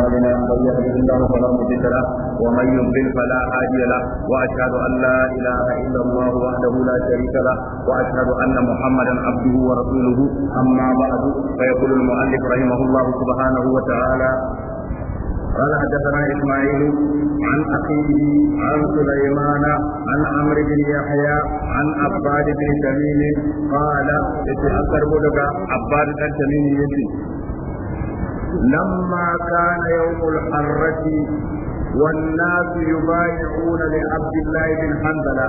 قالنا من يهده الله فلا مضل له ومن يضلل فلا هادي له واشهد ان لا اله الا الله وحده لا شريك له واشهد ان محمدا عبده ورسوله اما بعد فيقول المؤلف رحمه الله سبحانه وتعالى قال حدثنا اسماعيل عن اخيه عن سليمان عن عمرو بن يحيى عن عباد بن تميم قال اتي اكثر عباد بن تميم يجي لما كان يوم الحرة والناس يبايعون لعبد الله بن حنظلة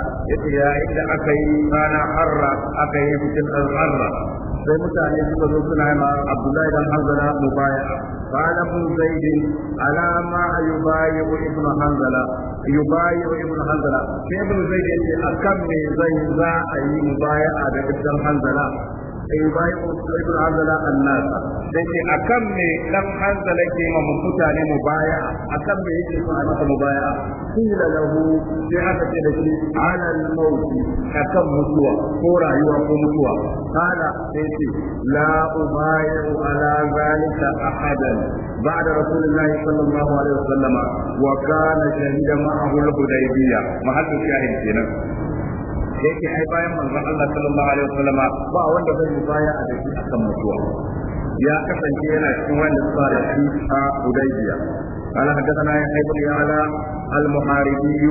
يا إلا أكي كان حرة أكي مثل الغرة sai mutane suka zo suna ma Abdullahi dan Hanzala mubaya'a qala ibn Zaid ala ma yubayi'u ibn Hanzala yubayi'u ibn Hanzala sai ibn Zaid ya ce akan me zai za a yi a da ibn Hanzala Eh, sai bayan ibn hanzala annas akan me dan hanzala ke ma mutane mu baya akan me yake so a mu baya kila lahu sai aka ce da shi ala al-maut akan mutuwa ko rayuwa ko mutuwa kala sai ce la ubayu ala zalika ahadan بعد رسول الله صلى الله عليه وسلم وكان شهيدا معه الحديبيه محل الشاهد هنا da yake ai bayan manzon Allah sallallahu alaihi wasallama ba wanda zai yi baya a dake akan mutuwa ya kasance yana cikin wanda suka rashi a Hudaybiya قال حدثنا يحيى بن يعلى المحاربي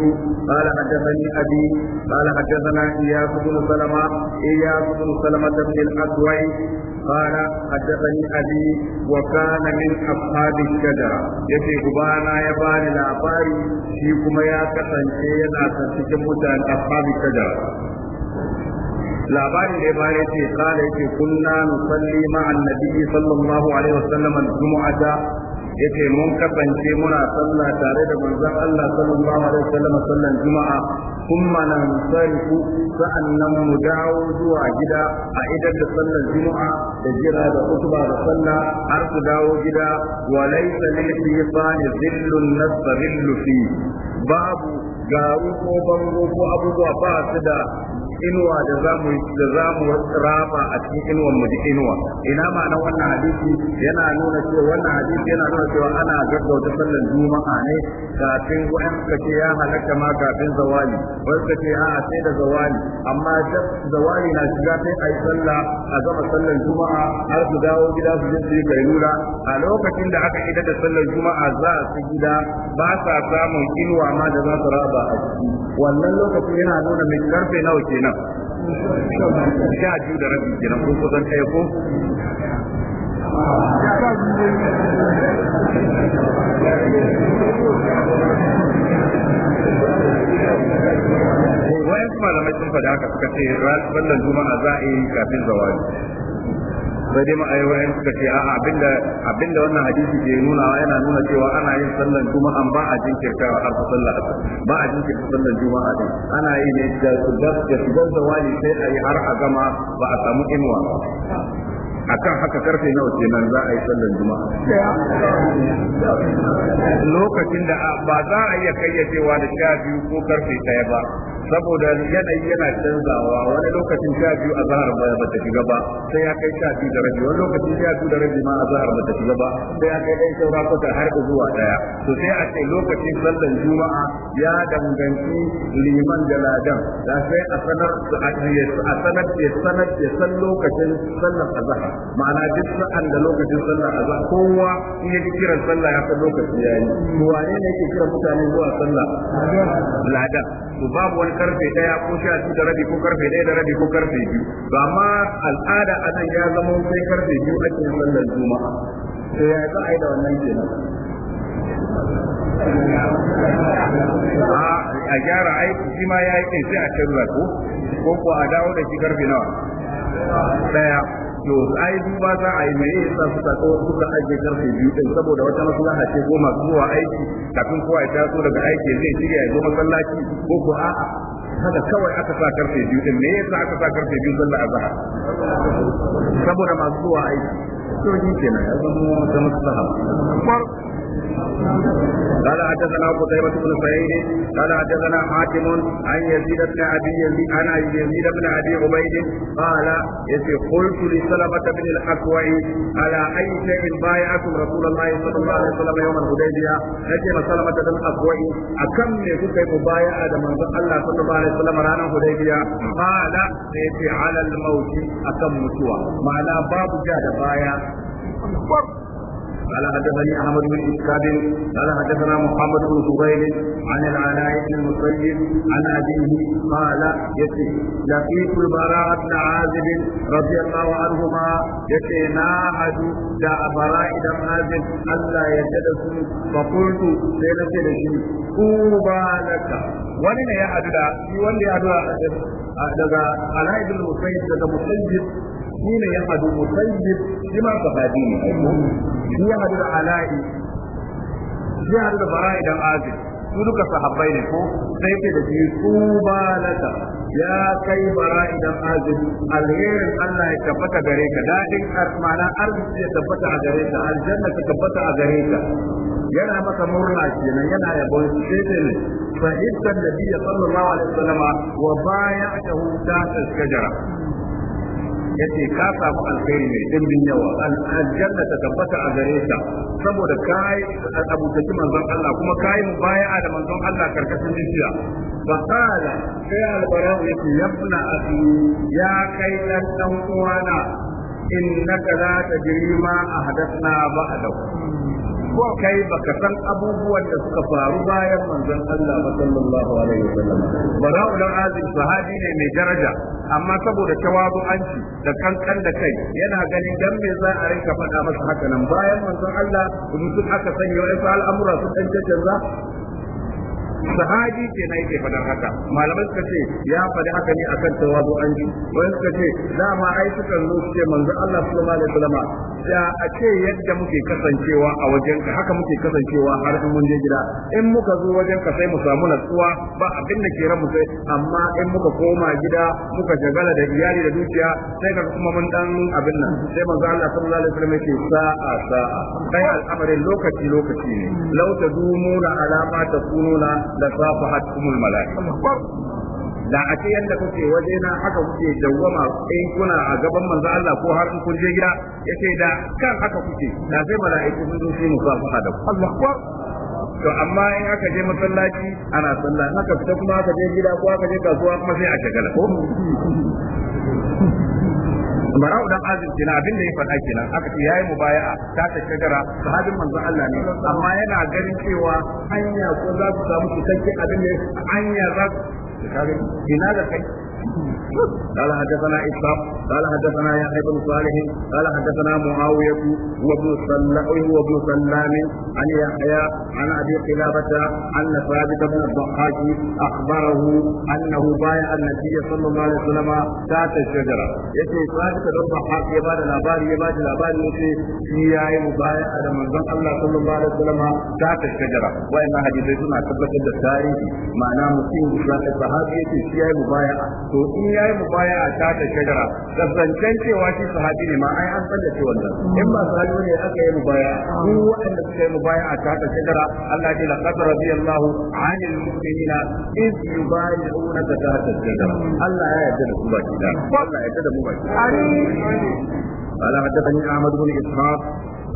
قال حدثني ابي قال حدثنا اياس بن سلمه اياس بن سلمه بن الاكوع قال حدثني ابي وكان من اصحاب الشجره يتي غبانا يبان لاباري شي كما يا كسانتي yana cikin mutane اصحاب الشجره labarin da ya bare ce kala yake kunna nusalli ma annabi sallallahu alaihi wasallam al-jumu'ata yace mun kasance muna sallah tare da manzon Allah sallallahu alaihi wasallam sallan juma'a kuma nan sarifu sa'annan mu dawo zuwa gida a idan da sallar juma'a da jira da kutuba da sallah har su dawo gida wa laysa lil shaytani dhillun nasbillu fi babu garu ko bango ko abubuwa ba su da inuwa da za mu da raba a cikin inuwan mu da inuwa ina ma'ana wannan hadisi yana nuna cewa wannan hadisi yana nuna cewa ana gaggauta sallar juma'a ne kafin wa'an ce ya halatta ma kafin zawali wai ce a sai da zawali amma zawali na shiga sai yi sallah a gama sallar juma'a har su dawo gida su je su yi a lokacin da aka idar da sallar juma'a za su gida ba sa samun inuwa ma da za su raba a ciki wannan lokacin yana nuna mai karfe nawa kenan nan sha biyu da rabi kenan ko kusan ɗaya ko Wa'yansu malamai sun faɗa haka suka ce, "Ran wannan juma'a za a yi kafin zawali." sai dai ma'aikatan suka ce a abinda abinda wannan hadisi ke nuna yana nuna cewa ana yin sallan juma'a ba a jinkirta har ta sallar asar ba a jinkirta sallan juma'a din ana yi ne da su da wani sai a yi har a gama ba a samu inuwa akan haka karfe nawa kenan za a yi sallan juma'a lokacin da ba za a iya kayyacewa da sha biyu ko karfe ɗaya ba saboda yanayi yana canzawa wani lokacin sha biyu a zahar ba ta shiga ba sai ya kai sha biyu da rabi wani lokacin sha biyu da rabi ma a zahar ba ta shiga ba sai ya kai ɗan saura kwata har zuwa ɗaya to sai a ce lokacin sallan juma'a ya danganci liman da ladan da sai a sanar a sanar ya sanar ke san lokacin sallan zahar, ma'ana duk sa'an da lokacin sallan azhar kowa in ya kiran sallah ya san lokaci yayi wane ne yake kiran mutane zuwa sallah ladan to babu wani karfe daya ko sha biyu da rabi ko karfe daya da rabi ko karfe biyu to amma al'ada a nan ya zama sai karfe biyu ake sallar juma'a Sai ya za a yi da wannan kenan a gyara aiki shi ma ya yi sai a canza ko ko a dawo da shi karfe nawa daya to ai duba za a yi me yasa suka ko suka aje karfe biyu din saboda wata maslaha ce ko masu zuwa aiki kafin kowa ya taso daga aiki zai shirya ya zo masallaci ko ko a'a haka kawai aka sa karfe biyu din me yasa aka sa karfe biyu sallar azhar saboda masu zuwa aiki to shi kenan ya zama wata maslaha قال حدثنا ابو قتيبة بن سعيد قال حدثنا حاتم عن يزيد بن ابي يزيد عن يزيد بن ابي عبيد قال إذ قلت لسلمة بن الاكوع على اي شيء بايعكم رسول الله صلى الله عليه وسلم يوم الحديبية نجي سلمة بن الاكوع أكم يكون مبايعة من الله صلى الله عليه وسلم رانا الحديبية قال إذ على الموت أكم متوى معنى باب جاد بايع قال حدثني احمد بن اسحاق قال حدثنا محمد بن زبير عن العلاء بن المسيب عن ابيه قال يسي لقيت البراء بن عازب رضي الله عنهما يسي ناعد دا براء بن عازب الا يجلس فقلت سيلك لشيء طوبى لك ولن يعدد في ولن يعدد daga alaibin musayyid daga musayyid shine ya hadu mutayyib shi ma sahabi ne shi ya hadu da ala'i shi hadu da bara'i dan su duka sahabbai ne ko sai ce da shi tuba laka ya kai bara idan alherin Allah ya tabbata gare ka mana arziki ya tabbata a gare ta tabbata a gare yana maka murna kenan yana yabon shi sai ce sallallahu alaihi wasallam wa bay'atahu ta shajara yace ka samu alkhairi mai dimbin yawa aljanna ta tabbata a gare ta saboda kai abutaci manzon Allah kuma kai mu baya da manzon Allah karkashin dukiya fakala sai albarau yace yabna afi ya kai dan dan uwana innaka la tajri ma ahdathna ba'da kai baka san abubuwan da suka faru bayan manzon Allah ba sallallahu alaihi wasallam bara'u dan azim sahabi ne mai daraja amma saboda tawabu'anci da kankan da kai yana ganin dan me za a rinka faɗa masa haka nan bayan manzon Allah mutum aka sanya wa'ansu al'amura su dan canza sahabi ke na yake fadar haka malamai suka ce ya faɗi haka ne akan tawazu an ji wani suka ce dama ai sukan zo su ce manzo Allah sallallahu alaihi wasallam da a ce yadda muke kasancewa a wajen ka haka muke kasancewa har in mun je gida in muka zo wajen ka sai mu samu natsuwa ba abin da ke ramu sai amma in muka koma gida muka jagala da iyali da dukiya sai ka kuma mun dan abin nan sai manzo Allah sallallahu alaihi wasallam yake sa'a sa'a kai al'amarin lokaci lokaci ne law tadumuna alama, ta kununa la safahatkumul malaika da a ce yadda kuke waje na haka kuke dawwama kai, kuna a gaban manzo Allah ko har in kun je gida yace da kan haka kuke da sai mala'iku sun zo su mu safaha da Allah to amma in aka je masallaci ana sallah haka fita kuma aka je gida ko aka je kasuwa kuma sai a shagala ko bara'u dan azib kina abinda ya faɗa kenan aka ce yayi mubaya'a ta ta shagara hadin manzon Allah ne amma yana ganin cewa hanya ko za su samu cikakken abin ne hanya za الكاذب في لماذا كيف قال حدثنا إسحاق قال حدثنا يحيى بن صالح قال حدثنا معاوية وابن سلام وابن سلام عن يحيى عن أبي قلابة أن ثابت بن الضحاك أخبره أنه بايع النبي صلى الله عليه وسلم ذات الشجرة يتي ثابت بن الضحاك يبان الأبار يبان الأبار يتي في آي مبايع على منظم الله صلى الله عليه وسلم ذات الشجرة وإن تبقى ثبت التاريخ معناه مسلم صحابة sahabi yace shi yayi mubaya'a to in yayi mubaya'a ta ta shajara kasancen cewa shi sahabi ne ma ai an san da cewa wannan in ba sahabi ne aka yi mubaya'a duk waɗanda suka yi mubaya'a ta ta shajara Allah ya laqad radiyallahu 'anil mu'minina iz yubayi'unaka ta ta shajara Allah ya yarda da su baki da Allah ya yarda da mu baki قال حدثني احمد بن اسحاق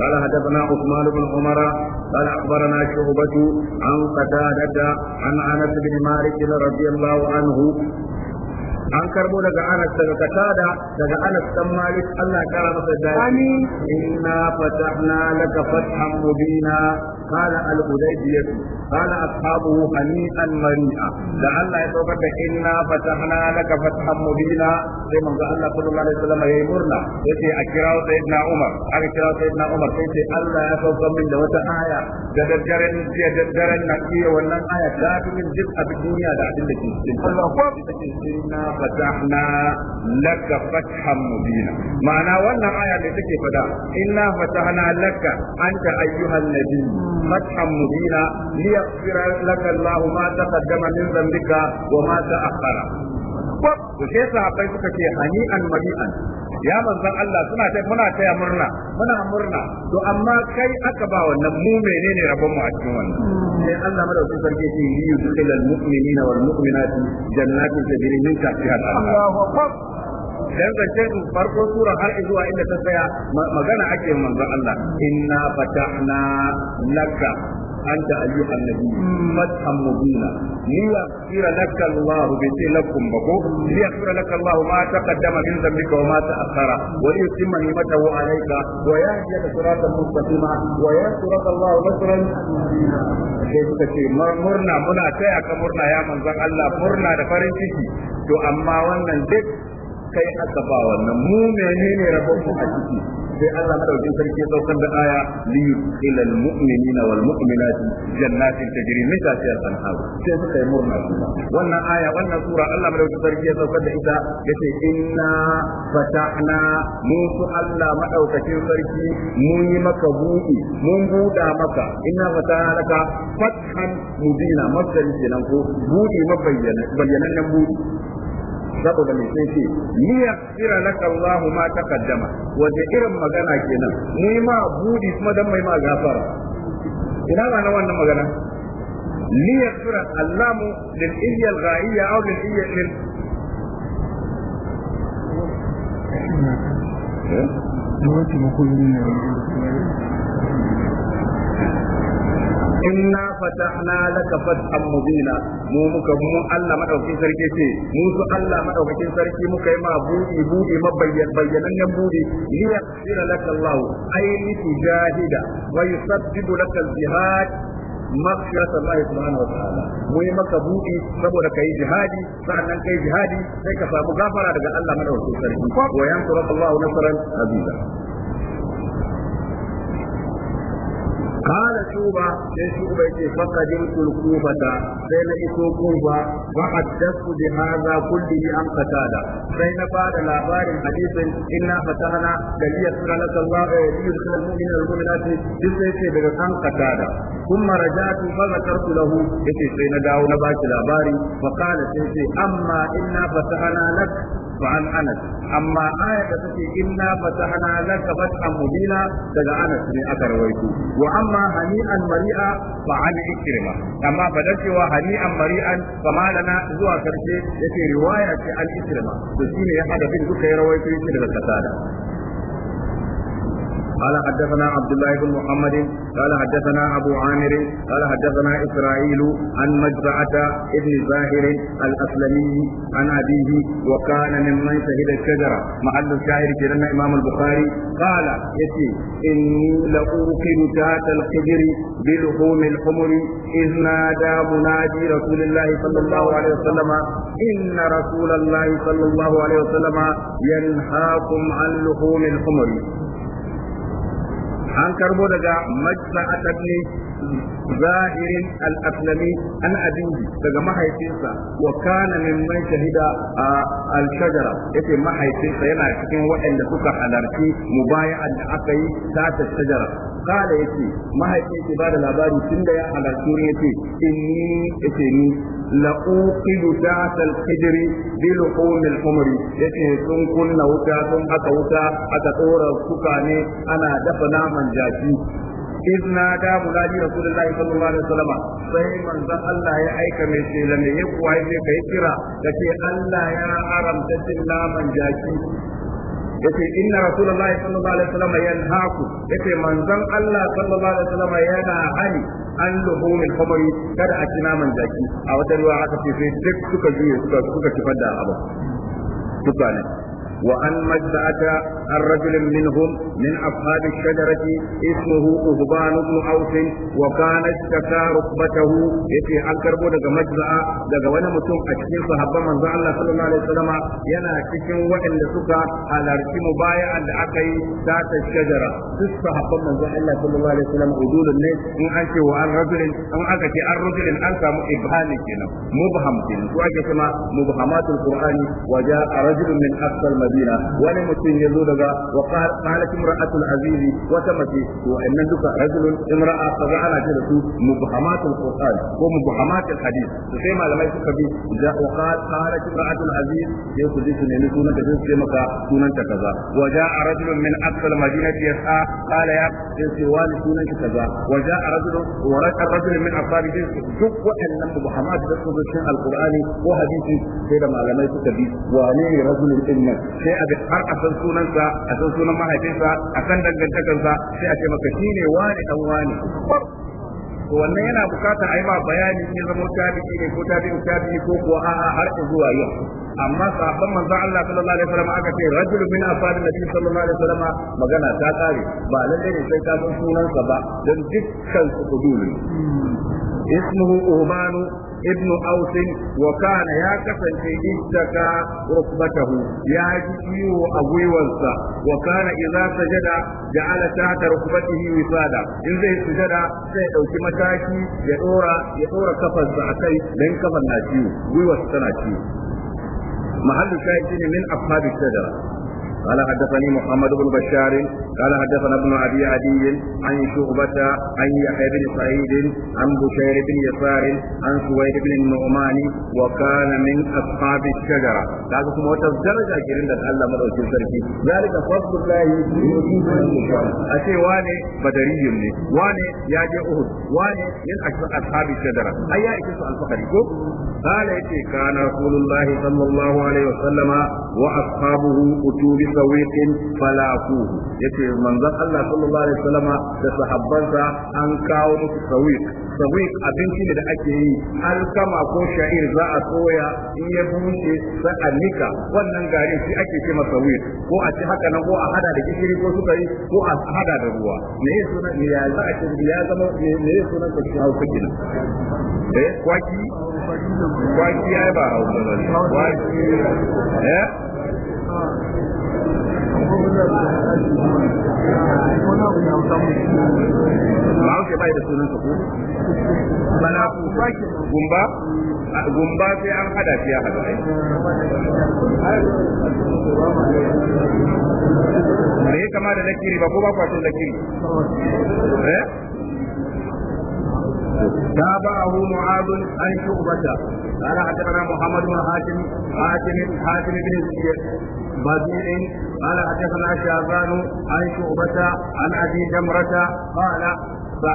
قال حدثنا عثمان بن عمر قال اخبرنا شعبة عن قتادة عن انس بن مالك رضي الله عنه an karbo daga Anas daga Katada daga Anas dan Malik Allah ya kara masa dadi inna fatahna laka fathan mubina قال الحديبية قال أصحابه هنيئا مريئا لعل يتوقف إنا فتحنا لك فتحا مبينا كما قال الله صلى الله عليه وسلم يمرنا يتي أكراو سيدنا عمر أكراو سيدنا عمر يتي الله يتوقف من دوت آية جدجرن جدجرن نكية ونن آية لكن من جزء في الدنيا دا عدل لك إنا فتحنا لك فتحا مبينا معنى ونن آية لتكي فدا إنا فتحنا لك أنت أيها النبي فتحا مبينا ليغفر لك الله ما تقدم من ذنبك وما تأخر to sai sahabbai suka ce hani'an mari'an ya manzon Allah suna ta muna taya murna muna murna to amma kai aka ba wannan mu menene rabon mu a cikin wannan sai Allah madaukakin sarki ce yudkhilal mu'minina dan zancen farkon sura har zuwa inda ta tsaya magana ake manzon Allah inna fatahna laka anta ayyuha annabi fatham mubina liyaghfira laka Allah bi lakum bako liyaghfira laka Allah ma taqaddama min dhanbika wa ma ta'akhkhara wa yutimma ni'matahu alayka wa yahdiyaka siratan mustaqima wa yansuruka Allah nasran sai suka ce murna muna taya ka murna ya manzon Allah murna da farin ciki to amma wannan duk kai aka ba wannan mu menene rabon mu a ciki sai Allah madaukin sarki saukar da aya li ila al mu'minina wal mu'minati jannatin tajri min tahtiha al anhar sai suka yi murna wannan aya wannan sura Allah madaukin sarki ya saukar da ita yace inna fatahna mu su Allah madaukakin sarki mun yi maka buɗi mun buɗa maka inna fatahna laka fathan mubina masdar kenan ko buɗi mabayyana bayyanannen buɗi saboda mai sai ce ni yaghfira laka Allahu ma taqaddama wajen irin magana kenan ni ma budi kuma dan mai ma gafara ina ba na wannan magana ni tsira Allahu lil iyya al ghaiya aw lil iyya lil Dawati eh? inna fatahna laka fathan mubina mu muka mu Allah madaukakin sarki ce mu su Allah madaukakin sarki muka yi ma budi budi mabayyan bayyanannen budi li yaghfira laka Allah ay li tujahida wa yusabbibu laka al-jihad maghfirat Allah subhanahu wa ta'ala mu yi maka budi saboda kai jihadi sa'annan kai jihadi sai ka samu gafara daga Allah madaukakin sarki wa yansuru Allah nasran aziza ma'ala shuba sai shuba ita fassadin kulukufata sai na iso kulufa ba a dasu da maza kulle ya amfata da sai na faɗa labarin hadisin inna fatana faɗa ana da liyar kala kallon kala da shi da daga kankata da kuma raja sun faga kar su sai na dawo na ba labari labarin ba kala sosai amma in na faɗa عن أنس أما آية تتي إنا فتحنا لك فتحا مبينا تدع أنس من أثر ويكو وأما هنيئا مريئا فعن إكرمة أما فدك وهنيئا مريئا فما لنا زوا كرشي يتي رواية عن إكرمة تسيني أحد في الدكة يرويكو يتي لك قال حدثنا عبد الله بن محمد قال حدثنا أبو عامر قال حدثنا إسرائيل عن مجزعة ابن زاهر الأسلمي عن أبيه وكان ممن شهد الشجرة محل الشاعر كرن إمام البخاري قال يتي إني لأوقن ذات القدر بلحوم الحمر إذ نادى منادي رسول الله صلى الله عليه وسلم إن رسول الله صلى الله عليه وسلم ينهاكم عن لحوم الحمر an karbo daga majsa'at ibn زائر الأسلمي عن أبيه تجمع حيثيسا وكان ممن شهد الشجرة يتي ما حيثيسا ينا يتكين وإن لسوك حلارتي مبايعا لأقي ذات الشجرة قال يتي ما حيثيسي بعد الأباري سند يا حلارتوري يتي إني يتيني لأوقد ذات القدر بلحوم الحمر يتي سن كنا وكا سن حتى وكا حتى تورا سكاني أنا دفنا من جاكي إذ نادى منادي رسول الله صلى الله عليه وسلم sai manzon Allah ya aika mai sela mai ya kuwa ya kai kira da ce Allah ya haramta cin naman jaki ce inna rasulullahi sallallahu alaihi wasallam Ya ce manzon Allah sallallahu alaihi wasallam yana hani an luhumil khamri kada a ci naman jaki a wata ruwa aka ce sai duk suka juye suka suka tafi da abu tukane وأن مجدأة الرجل منهم من أصحاب الشجرة اسمه أهبان بن أوس وكان اشتكى ركبته يتي أنكر بودك مجدأة دك وانا متوم أشكين صحابة من الله صلى الله عليه وسلم ينا أشكين وإن سكا على رسم بايع العقي ذات الشجرة سس صحابة من الله صلى الله عليه وسلم أدول الناس إن أنت وأن رجل إن أنت أن رجل أنت مبهام كنا مبهم كنا وأجل كما مبهمات القرآن وجاء رجل من أقصى المدينة sabila wani mutum ya zo daga wa qalat imra'atul aziz wa tamati to annan duka rajulun imra'a kaza ana ce da su mubhamatul qur'an ko mubhamatul hadith to sai malamai suka bi da wa qalat imra'atul aziz sai ku ji ne sunan ta sai maka sunan ta kaza wa ja'a rajulun min aqsal madinati yas'a qala ya sai wani sunan ta kaza wa ja'a rajulun wa ra'a rajulun min ashabi duk ko hadisi sai da malamai suka bi wane ne sai a har a san sunansa a san sunan mahaifinsa a san dangantakarsa sai a ce maka ne wani dan wani to wannan yana bukatar a yi ma bayani ne zama tafi ne ko tabi'u ne ko kuwa a'a har zuwa yau amma sahabban manzon Allah sallallahu alaihi wasallam aka ce rajul min asad nabi sallallahu alaihi wasallam magana ta kare ba lalle ne sai ka san sunan sa ba dan dukkan su kuduli ismuhu uban ibn aus wa kana ya kasance ittaka rukbatahu ya ji kiwo a gwiwar sa wa kana idza sajada ja'ala ta'ata rukbatihi wisada in zai sujada sai dauki mataki ya dora ya dora kafar akai dan kafar na ciwo gwiwar tana ciwo mahallu shahid shine min ashabi shajara قال حدثني محمد بن بشار قال حدثنا ابن ابي عدي عن شعبة عن يحيى بن سعيد عن بشير بن يسار عن سويد بن النعمان وكان من اصحاب الشجرة لازم كما درجة كيرين الله مدوكين سركي ذلك فضل الله أشي واني بدري واني ياجي أهد واني من أصحاب الشجرة أيا إكسو الفقري قال يتي كان رسول الله صلى الله عليه وسلم وأصحابه أتوب zawiqin falakuhu yace manzon Allah sallallahu alaihi wasallama da sahabbansa an kawo musu zawiq zawiq abinci ne da ake yi alkama ko sha'ir za a soya in ya bushe sai a nika wannan garin shi ake ce masa zawiq ko a ci haka nan ko a hada da gishiri ko sukari ko a hada da ruwa me ya sunan ne ya za a ce ya zama me ya sunan ta shi hausa kina eh kwaki kwaki ya ba hausa ba kwaki eh ba ke bai da sunan ko bana ku gumba gumba sai an hada shi hada kama da nakiri ba ko ba kwato nakiri eh? تابعه معاذ عن شعبة قال حدثنا محمد بن حاتم حاتم حاتم بن بديع قال حدثنا شعبان عن شعبة عن أبي جمرة قال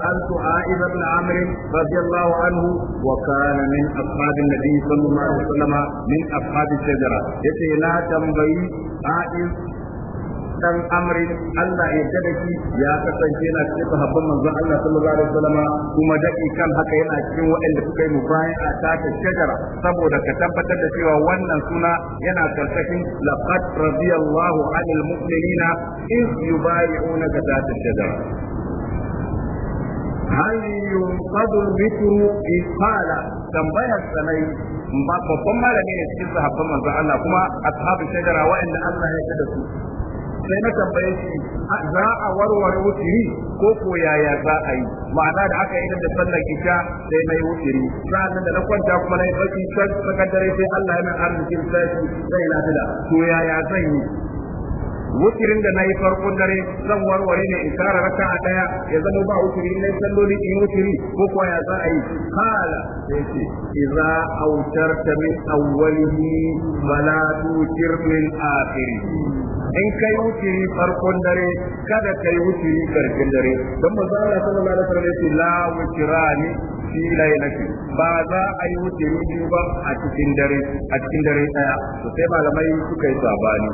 سألت عائب بن عمرو رضي الله عنه وكان من أصحاب النبي صلى الله عليه وسلم من أصحاب الشجرة يتي لا تنبئي عائب dan amri Allah ya tada shi ya kasance yana cikin sahabban manzon Allah sallallahu alaihi wasallam kuma daki kan haka yana cikin waɗanda suka yi mubaya'a a ta shajara saboda ka tabbatar da cewa wannan suna yana karkashin laqad radiyallahu anil mu'minina iz yubayi'unaka na ta shajara hal yunqadu al-bitru qala tambayar sanai babban malami ne cikin sahabban manzon Allah kuma ashabu shajara waɗanda Allah ya tada su sai na tambaye shi za a warware wutiri ko ko yaya za a yi ma'ana da aka yi da sallar isha sai na yi wutiri sa'an da na kwanta kuma na yi baki tsakar dare sai Allah yana arzikin sashi zai lafiya to yaya zan yi wukirin da na yi farkon dare zan warware ne in kara raka a daya ya zama ba wukiri na salloli in wukiri ko kuwa ya za a yi kala sai ce Iza autar ta min awwalihi fala tutir min akhirihi in kai wuce farkon dare kada kai wuce karshen dare don manzo Allah sallallahu alaihi wasallam yace la wutirani fi lailati ba za a yi wuce biyu ba a cikin dare a cikin dare daya to sai malamai suka yi sabani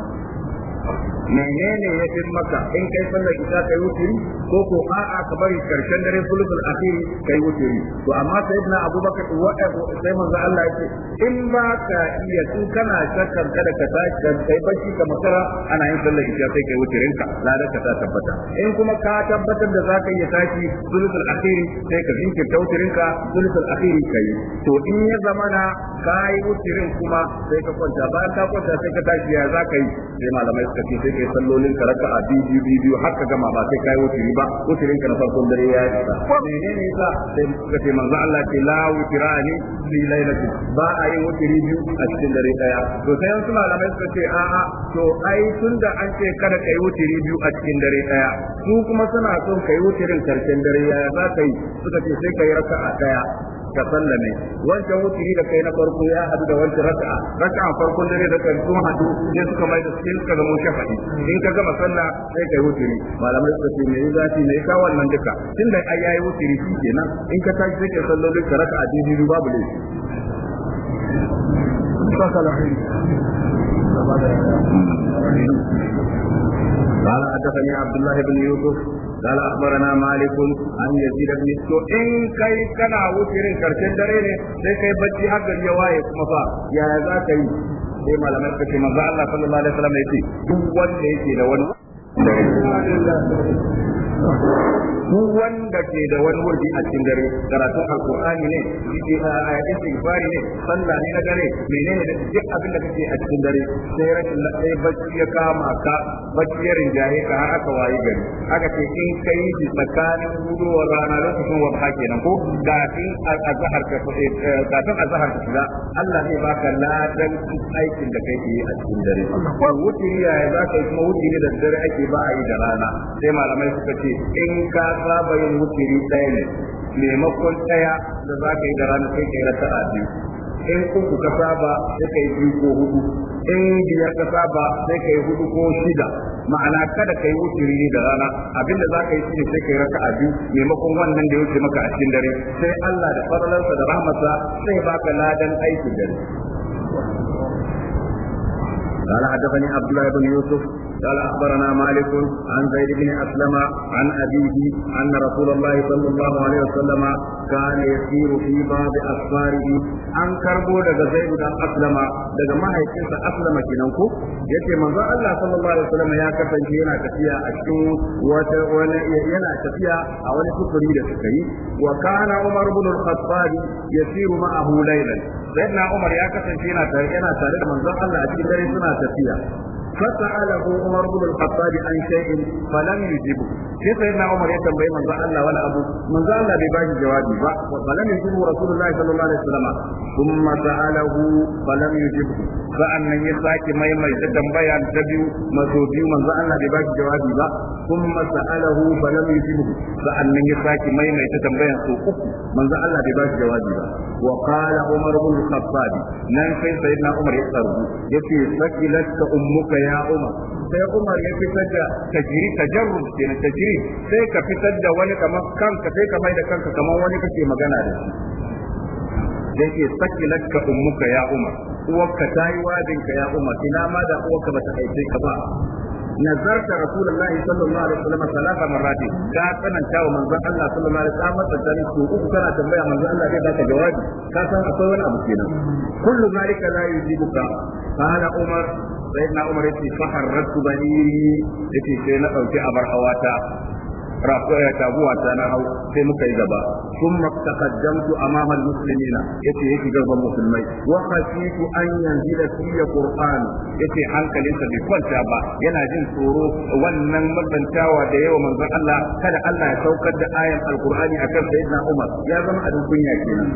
menene ya fi maka in kai sallar isa kai wuturi ko ko a'a ka bari karshen dare sulusul akhir kai wuturi to amma sayyidina abubakar wa sai manzo Allah yake in ba ka iya tun kana shakkar kada ka tashi kai bacci ka makara ana yin sallar isa sai kai wuturin ka ladar ka ta tabbata in kuma ka tabbatar da zaka iya tashi sulusul akhir sai ka ta wuturin ka sulusul akhir kai to in ya zamana kai wuturin kuma sai ka kwanta ba ka kwanta sai ka tashi ya zaka yi sai malamai suka ce sai kai sallolin ka raka a biyu biyu biyu har ka gama ba sai kai wutiri ba wutirin ka na farkon dare ya yi sa menene yasa sai suka ce manzo Allah ce la wutirani fi lailati ba a yi wutiri biyu a cikin dare daya to sai wasu malamai suka ce a'a to ai tunda an ce kada kai wutiri biyu a cikin dare daya su kuma suna son kai wutirin karshen dare ya za ka yi suka ce sai kai a daya ka sallame wancan wuturi da kai na farko ya hadu da wancan raka'a raka'a farkon dare da kai sun hadu sai suka mai da sai suka zama shafa'i in ka gama sallah sai kai wuturi malamai suka ce mai zafi yi ka wannan duka da ai yayi shi kenan in ka tashi sai ka sallolin ka raka'a daidai babu laifi قال حدثني عبد الله بن يوسف قال اخبرنا مالك عن يزيد بن ان كاي كنا rin كرشن dare ne sai kai bacci har gari ya waye kuma fa yaya za ka yi sai malamai suka ce manzo Allah sallallahu alaihi wasallam yace duk wanda yake da wani dare duk wanda ke da wani wurdi a cikin dare karatun alkur'ani ne yake istighfari ne sallah ne na dare menene da duk abin da kake a cikin dare sai rashin sai bacci ya kama ka bacci ya rinjaye ka har aka wayi gari aka ce in kai shi tsakanin hudu wa rana lokacin wa ba kenan ko kafin azhar ka eh, eh, kafin azhar ka shiga Allah zai baka ladan aikin da kake a cikin dare ko wuce ya za ka kuma wuce da dare ake ba a yi da rana sai malamai suka ce in ka saba yin wutiri ɗaya ne maimakon ɗaya da za ka yi da rana sai ka yi raka'a biyu in uku ka saba sai ka yi biyu ko hudu in biyar ka saba sai ka yi hudu ko shida ma'ana kada ka yi wuturi da rana abinda za ka yi shine sai ka yi raka'a biyu maimakon wannan da ya wuce maka a cikin dare sai Allah da fadalarsa da rahmatsa sai baka ladan aikin dare قال حدثني عبد الله بن يوسف قال أخبرنا مالك عن زيد بن أسلم عن أبيه أن رسول الله صلى الله عليه وسلم كان يسير في بعض أسفاره أن كربو دغ زيد بن أسلم دغ ما هيكنس أسلم كننكو يتي من الله صلى الله عليه وسلم يا كفن ينا تفيا أشكو ولا ينا تفيا أولي كفري دسكي وكان عمر بن الخطاب يسير معه ليلا سيدنا عمر يا كفن ينا تاري ينا تاري من الله أجل سنة تفيا فسأله عمر بن الخطاب عن شيء فلم يجبه sai sayyidina Umar ya tambayi manzo Allah wani abu manzo Allah bai bashi jawabi ba wa falam yujibu rasulullahi sallallahu alaihi wasallam thumma sa'alahu falam yujibu sa'annan ya saki maimaita tambaya ta biyu mazo biyu manzo Allah bai bashi jawabi ba thumma sa'alahu falam yujibu sa'annan ya saki maimaita tambayan su uku manzo Allah bai bashi jawabi ba wa qala Umar bin Khattab nan sai sayyidina Umar ya ya umar sai umar ya fitar da tajiri tajarrub kenan tajiri sai ka fitar da wani kamar kanka sai ka mai da kanka kamar wani kake magana da shi da ke sakilat ka ummuka ya umar uwarka ta yi ya umar ina ma da uwarka bata haife ka ba nazarta rasulullahi sallallahu alaihi wasallam salasa marrati ka tsananta wa manzon Allah sallallahu alaihi wasallam tsanani ko uku kana tambaya manzon Allah zai baka jawabi ka san akwai wani abu kenan kullu malika la yujibuka qala umar sayyidina umar yace fa harratu bahiri yace sai na dauki abar hawata rakuwa eh, taguwa ta na hau sai muka yi gaba Sun mahal taqaddamtu Ya ce yace yake gaban musulmai wa khashitu an yanzu da yanzila fiyya ya yace hankalinsa bai kwanta ba yana jin tsoro wannan mabantawa da yawa manzon Allah kada Allah ya saukar da ayan a kan sayyidina Umar ya zama abin kunya kenan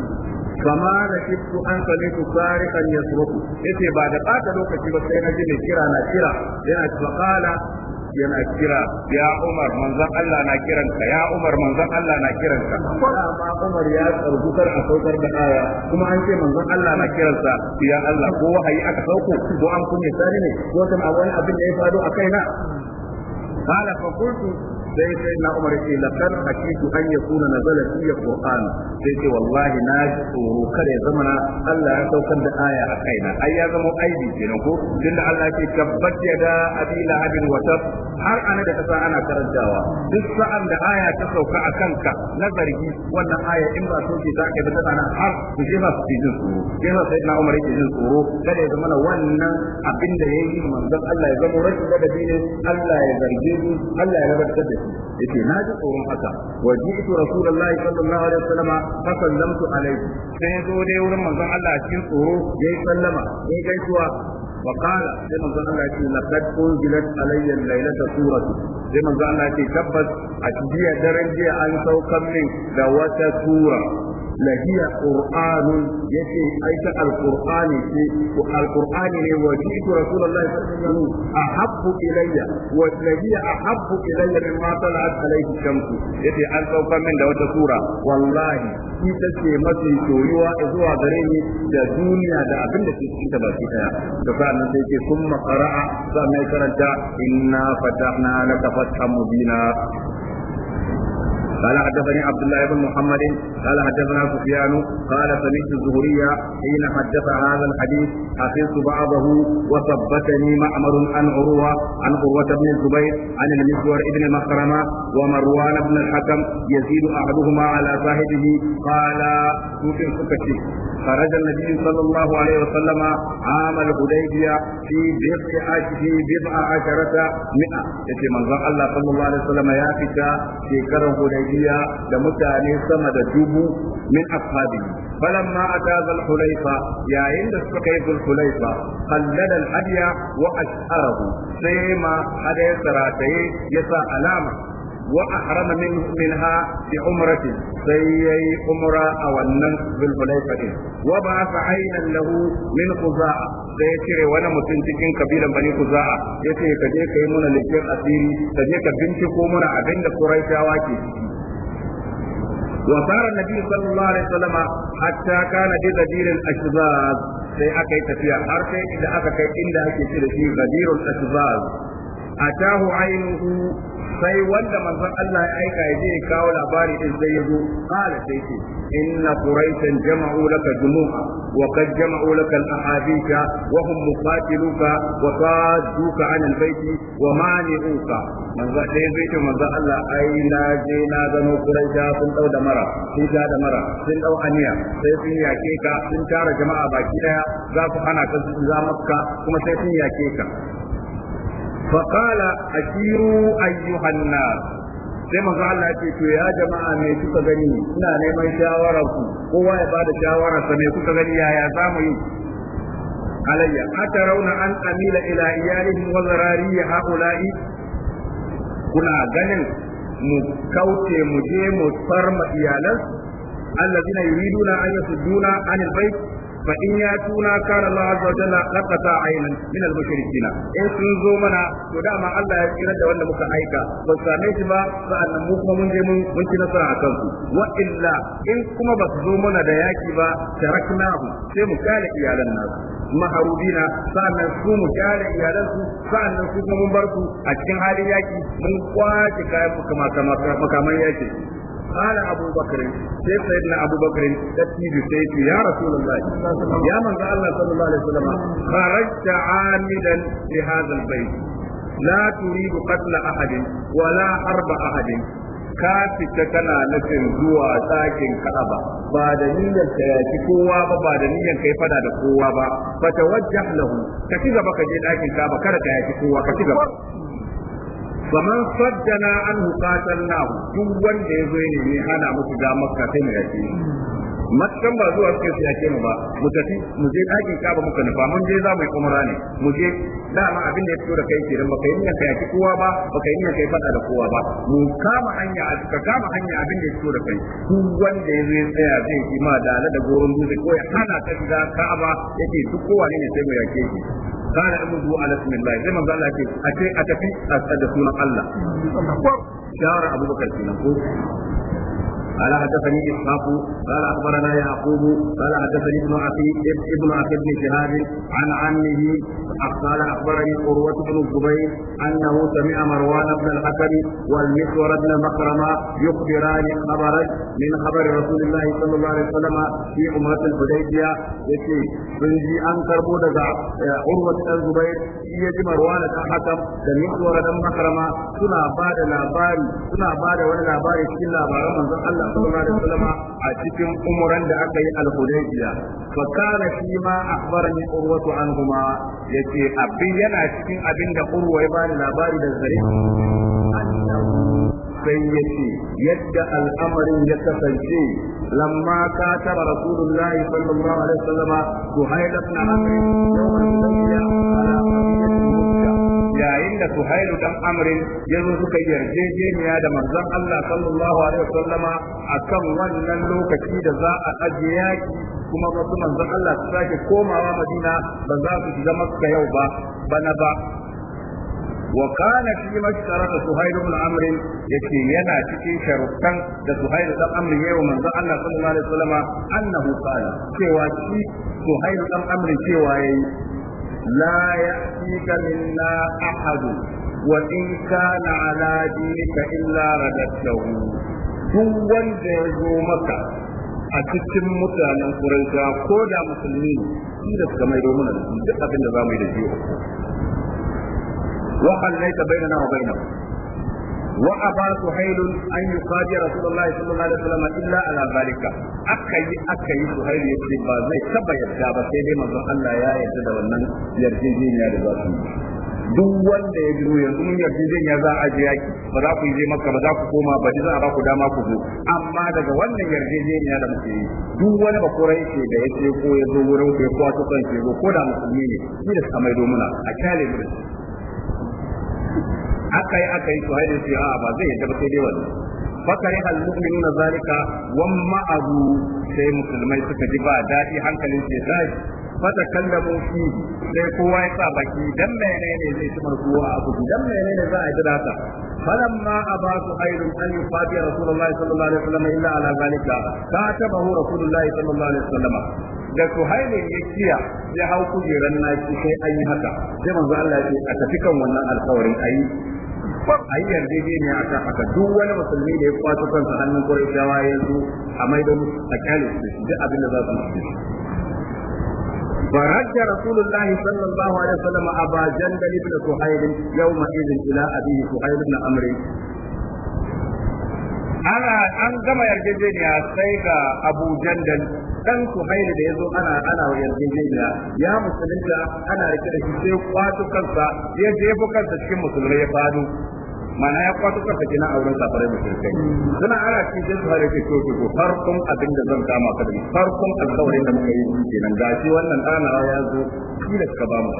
kama da kitu an salitu sarikan yasruku yace ba da ɓata lokaci ba sai na ji mai kira na kira yana tsakala yana kira ya Umar manzon Allah na kiranka ya Umar manzon Allah na kiranka amma Umar ya tsargu kar a saukar da aya kuma an ce manzon Allah na kiransa ya Allah ko wahayi aka sauko ko an kunya sani ne ko kan wani abin da ya faru a kaina قال فقلت sai sai na umar ce lakar hakiku an ya kuna na zala fiye qur'an sai ce wallahi na tsoro kada ya zama Allah ya saukar da aya a kaina ai ya zama aibi kenan ko tunda Allah ke tabbat ya da abi lahabin wa tab har ana da kasa ana karantawa duk sa'an da aya ta sauka a kanka na zargi wannan aya in ba soke za ka yi ta nan har ku je ba su tsoro sai na sai na umar jin tsoro kada ya zama wannan abin da yayi manzon Allah ya zama rashin ladabi ne Allah ya zarge Allah ya rabar da shi yace na ji tsoron haka wa ji'tu rasulullahi sallallahu alaihi wasallama fa sallamtu alaihi sai ya zo dai wurin manzon Allah cikin tsoro yayi sallama yayi gaisuwa wa qala sai manzon Allah yace laqad unzilat alayya al-laylata suratu sai manzon Allah yace tabbas a cikin daren jiya an saukar min da wata sura lahiya qur'anun yace aita alqur'ani ce ko alqur'ani ne wa ji ku rasulullahi sallallahu alaihi wasallam ahabbu ilayya wa lahiya ahabbu ilayya mimma talat alayhi shamsu yace an saukar min da wata sura wallahi ita ce mafi soyuwa zuwa gare ni da duniya da abin da ke cikin ta baki daya da sa'an sai ce kuma qara'a sa'an karanta inna fatahna laka fathan mubina قال حدثني عبد الله بن محمد قال حدثنا سفيان قال سمعت الزهري حين حدث هذا الحديث حفظت بعضه وثبتني معمر عن عروه عن عروه بن الزبير عن المسور بن مخرمه ومروان بن الحكم يزيد احدهما على صاحبه قال سوفي سكتي خرج النبي صلى الله عليه وسلم عام الحديبيه في بضع في بضع عشرة مئة يتي منظر الله صلى الله عليه وسلم يا فتا في كره hudaybiya da mutane sama da dubu min ashabi falamma ata zal hulaifa yayin da suka kai zul hulaifa qallada al hadiya wa asharahu sai ma hadaya sarataye yasa alama wa ahrama min minha bi umrati sai yayi umra a wannan zul hulaifa din wa ba'atha aynan lahu min quza'a sai ya cire wani mutum cikin kabilan bani kuza'a ya ce ka je ka yi muna lafiyar asiri ka je ka binciko muna abinda da kuraishawa ke ciki وصار النبي صلى الله عليه وسلم حتى كان الأشباز sai aka yi tafiya har sai da aka kai inda ake ce da shi gadirul ashbaz atahu ainuhu sai wanda manzon Allah ya aika ya je kawo labari din zai yi zo kala sai ce inna quraishan jama'u laka jumu'a wa qad jama'u laka al-ahaditha wa hum muqatiluka wa sadduka 'an al-bayti wa mani'uka manzo sai zai ce manzon Allah ai na je na zama quraisha sun dau da mara sun ja da mara sun dau aniya sai sun yake ka sun tara jama'a baki daya za su hana ka za makka kuma sai sun yake ka فقال أشيروا أيها الناس sai manzo Allah ce to ya jama'a me kuka gani ina neman shawarar ku kowa ya bada shawarar sa me kuka gani yaya zamu yi alayya rauna an amila ila iyalihim wa zarariya haula'i kuna ganin mu kauce mu je mu farma iyalan allazina yuriduna an yasudduna anil bait فإن ياتونا كان الله عز وجل لقطع عينا من المشركين إن سنزو منا ودام الله يذكر da wanda muka aika ba su من shi ba sa'annan mu kuma mun je mun ci nasara akan su wa illa in kuma ba su zo mana da yaki ba sai mu kare iyalan nasu maharubina sa'annan su mu kare iyalansu, su sa'annan su kuma mun bar su a cikin halin yaki mun kwace kayan makaman yaki قال أبو بكر كيف سيدنا أبو بكر تتيب سيد يا رسول الله يا من الله صلى الله عليه وسلم خرجت عامدا لهذا البيت لا تريد قتل أحد ولا حرب أحد ka fita kana nufin zuwa ɗakin Ka'aba ba da niyar ka yaki kowa ba ba da niyyar ka yi fada da kowa ba bata tawajjah lahu ka ci gaba ka je ɗakin ba, kada ka yaki kowa ka ci faman saddana an hukatan nahu duk wanda ya zo ne ne hana musu damar ka sai mu yake matan ba zuwa suke su yake mu ba mu tafi mu je ɗakin kaba muka nufa mun je za mu yi umra ne mu je dama abin da ya fito da kai ke nan baka yi niyyar kai yaki kowa ba baka yi niyyar kai fada da kowa ba mu kama hanya a ka kama hanya abin da ya fito da kai duk wanda ya zo ya tsaya zai yi ma dala da goron dutse ko ya hana ka shiga kaba yake duk kowa ne sai mu yake shi kana abudu ala bismillah sai manzo Allah ce a ce a tafi a da sunan Allah shawara abubakar kenan ko قال حدثني اسحاق قال اخبرنا يعقوب قال حدثني ابن اخي ابن اخي بن شهاب عن عمه قال اخبرني عروه بن الزبير انه سمع مروان بن الحكم والمسور بن مخرمه يخبران خبرا من خبر رسول الله صلى الله عليه وسلم في عمره الحديبيه يكي سنجي ان كربو دغا عروه بن الزبير يجي مروان بن الحكم والمسور بن مخرمه suna ba da labari suna ba da wani labari cikin labaran manzon Allah sallallahu alaihi wasallam a cikin umuran da aka yi al-hudaybiya fa kana ma akhbarani urwatu anhuma yace abin yana cikin abin da urwa ya bani labari da zare sai yace yadda al'amarin ya kasance lamma ka tara rasulullahi sallallahu alaihi wasallam suhaila ibn amr yawm al sufyan dan amr yazo suka yarjejeniya da manzon Allah sallallahu alaihi wasallama akan wannan lokaci da za a ajiye yaki kuma wasu manzon Allah su sake komawa Madina ba za su shiga Makka yau ba bana ba وكان فيما اشترط سهيل بن عمرو يكي ينا تكي شرطان ده سهيل بن عمرو يو من ذا الله صلى الله عليه وسلم أنه قال كوا سهيل بن عمرو كوا لا يأتيك منا أحد وإن كان على دينك إلا رددته duk wanda ya zo maka a cikin mutanen Qurayza ko da musulmi shi da suka maido mana da shi duk abin da za mu yi da shi wa hallaita bainana wa bainahu wa aba suhail an yuqadi rasulullahi sallallahu alaihi wasallam illa ala zalika akai akai suhail yace ba zai taba yadda ba sai dai manzon Allah ya yarda da wannan yarjejeniya da za duk wanda ya biyo yanzu mun yarda zai ya za a je yaki ba za ku je makka ba za ku koma ba za a ba ku dama ku zo amma daga wannan yarjejeniya da muke yi duk wani ba kurai ce da ya ce ko ya zo wurin ku ya kwato kan ke ko da musulmi ne shi da suka maido muna a kyale mu aka yi aka yi su haidin shi a ba zai yadda ba sai dai wani fakari al-mu'minuna zalika wa ma'ahu sai musulmai suka ji ba daɗi hankalin shi ya tashi fatakallamu fi sai kowa ya sa baki dan menene zai ci a kudu dan menene za a jira ka فلما أباك خير أن يقاتل رسول الله صلى الله عليه وسلم إلا على ذلك كاتبه رسول الله صلى الله عليه وسلم da su ya kiya ya hau kujeran naki sai an yi haka sai manzo Allah ya a tafi kan wannan alƙawarin ayi ayi yarjejeniya a kan haka duk wani musulmi da ya kwato kansa hannun Qurayshawa yanzu a maido a kyale su duk abin da za su yi فرد رسول الله صلى الله عليه وسلم أبا جندل بن سهيل يومئذ إلى أبيه سهيل بن أمري ana an gama yarjejeniya sai ga Abu Jandal dan Suhailu da zo ana ana yarjejeniya ya musulunta ana rike da shi sai kwato kansa ya jefo kansa cikin musulmai ya fado mana ya kwato kansa na auren safarai mushrikai suna ana cikin su har yake to to farkon abin da zan kama ka da farkon alƙawarin da muka yi kenan gashi wannan dana ya zo da ka ba mu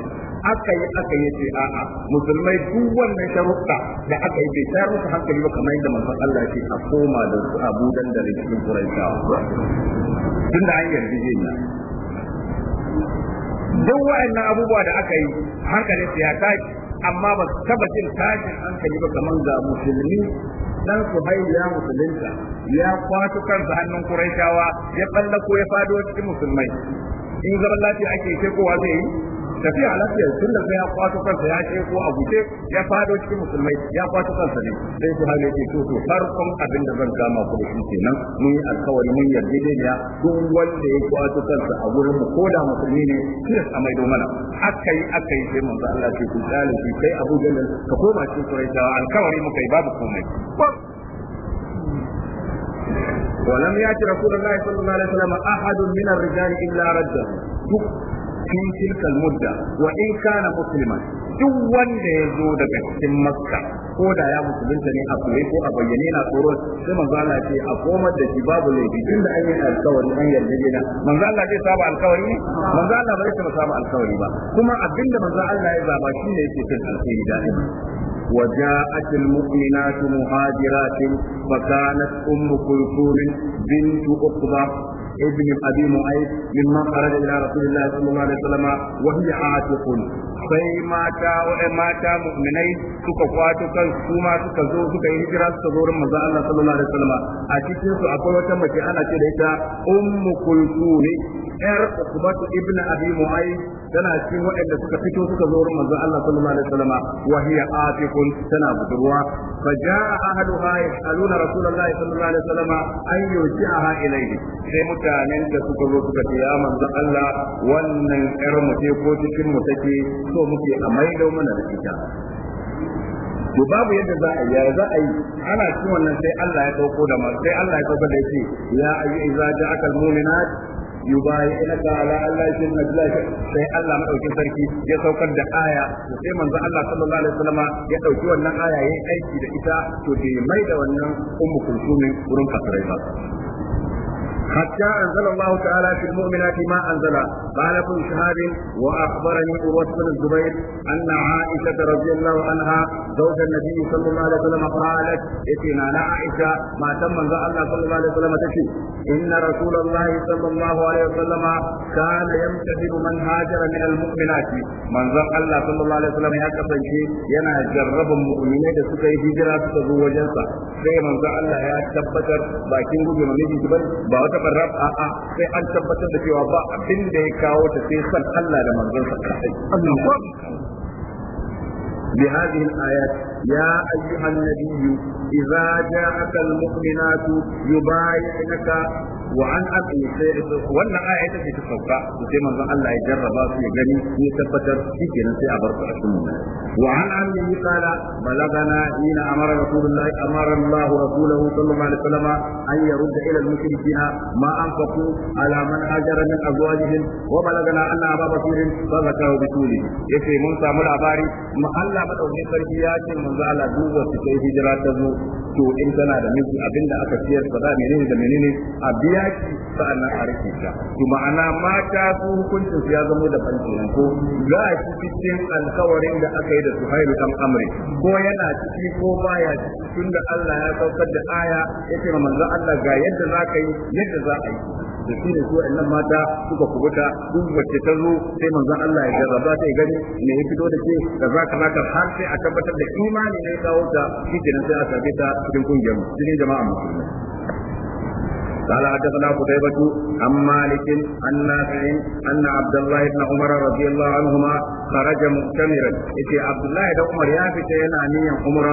aka yi aka yi ce a'a musulmai duk wannan sharuɗa da aka yi bai tayar musu hankali ba kamar yadda manzon Allah ya ce a koma da su Abu Dan da cikin Quraishawa tunda an yarda jinya duk wa'annan abubuwa da aka yi hankalin su ya tashi amma ba su taba jin tashin hankali ba kaman ga musulmi dan su ya musulunta ya kwato kansa hannun quraishawa ya ballako ya fado cikin musulmai in zaman lafiya ake kowa zai yi tafiya lafiya tun da ya kwato kansa ya ce ko a guje ya fado cikin musulmai ya kwato kansa ne sai su hale ce to to farkon abin da zan gama ku da shi kenan mun yi alkawari mun yarda ne ya duk wanda ya kwato kansa a wurin mu ko da musulmi ne kiras a maido mana aka yi aka yi sai manzo Allah ce ku tsale shi kai Abu Jalal ka koma cikin Quraysh alkawari muka yi babu komai ولم يأتي رسول الله صلى الله عليه وسلم أحد من الرجال إلا رده في تلك المدة وإن كان مسلما duk wanda ya zo daga cikin maska ko da ya musulunta ne a koyi ko a bayyane na tsoro sai manzo ce a komar da shi babu laifi da an yi alkawari an yarda ne manzo Allah zai saba alkawari ne bai saba alkawari ba kuma abinda manzo Allah ya zaba shine yake cin alkhairi da وجاءت المؤمنات مهاجرات فكانت أم كلثوم بنت أقبة ابن ابي معيط ممن خرج الى رسول الله صلى الله عليه وسلم وهي عاتق sai mata mata mu'minai suka kwato kan su ma suka zo suka yi hijira suka zo wurin manzo Allah sallallahu alaihi wasallam a cikin su akwai wata mace ana ce da ita ummu ne yar Uqbatu ibn Abi Mu'ayth tana cikin waɗanda suka fito suka zo wurin manzon Allah sallallahu alaihi wasallam wa hiya atikun tana budurwa fa jaa ahluha yasaluna rasulullahi sallallahu alaihi wasallam an yurji'aha ilayhi sai mutanen da suka zo suka ce ya manzon Allah wannan yar mu ce ko cikin mu take so muke a maido mana da ita to babu yadda za a yi za a yi ana cikin wannan sai Allah ya dauko da mu, sai Allah ya dauko da shi ya ayu idza ja'akal mu'minat yubayyinaka ala Allah shi najlaka sai Allah madaukin sarki ya saukar da aya sai manzo Allah sallallahu alaihi wasallam ya dauki wannan aya yayin aiki da ita to bai mai da wannan ummu kulsumin wurin kafirai ba حتى أنزل الله تعالى في المؤمنات ما أنزل قال ابن شهاب وأخبرني أروة بن الزبير أن عائشة رضي الله عنها زوج النبي صلى الله عليه وسلم قالت إتنا لا عائشة ما تم أنزل الله صلى الله عليه وسلم تشي إن رسول الله صلى الله عليه وسلم كان يمتثل من هاجر من المؤمنات من زر الله صلى الله عليه وسلم يكفن شيء ينا جرب المؤمنين da suka yi hijira suka zo wajensa sai manzo Allah ya tabbatar bakin gube mamiji ba wata martaban rab a a sai an tabbatar da cewa ba abin da ya kawo ta sai san Allah da manzon sa kai bi hadhihi al-ayat ya ayyuhan nabiyyu idza ja'aka al-mu'minatu yubayyinaka wa an abi wannan aya ita ce ta sauka sai manzon Allah ya jarraba su ya gani ya tabbatar shikenan sai a bar su a cikin mu wa an abi qala balagana ina amara rasulullahi amara Allah rasulahu sallallahu alaihi wasallam an yurda ila al-mushrikeena ma anfaqu ala man hajara min azwajihim wa balagana anna aba basirin fa zakahu bituli yace mun samu labari ma Allah madaukakin sarki ya ce su hijira ta zo to in tana da miji abinda aka ciyar za a menene da menene a biya yaki sa'annan a rike ta to ma'ana mata su hukuncin su ya zama da kenan ko za a cikin alkawarin da aka yi da Suhaib dan Amri ko yana ciki ko baya ciki tunda Allah ya saukar da aya yake ma manzo Allah ga yadda za ka yi yadda za a yi da shi ne su nan mata suka kubuta duk wacce ta zo sai manzon Allah ya jarraba ta gani me ya fito da ke da za ka har sai a tabbatar da imani ne kawo ta shi kenan sai a same ta cikin kungiyar cikin jama'a musulmi قال حدثنا قتيبة عن مالك عن نافع أن عبد الله بن عمر رضي الله عنهما خرج مؤتمرا إذا عبد الله بن عمر يا فتينا نيا عمر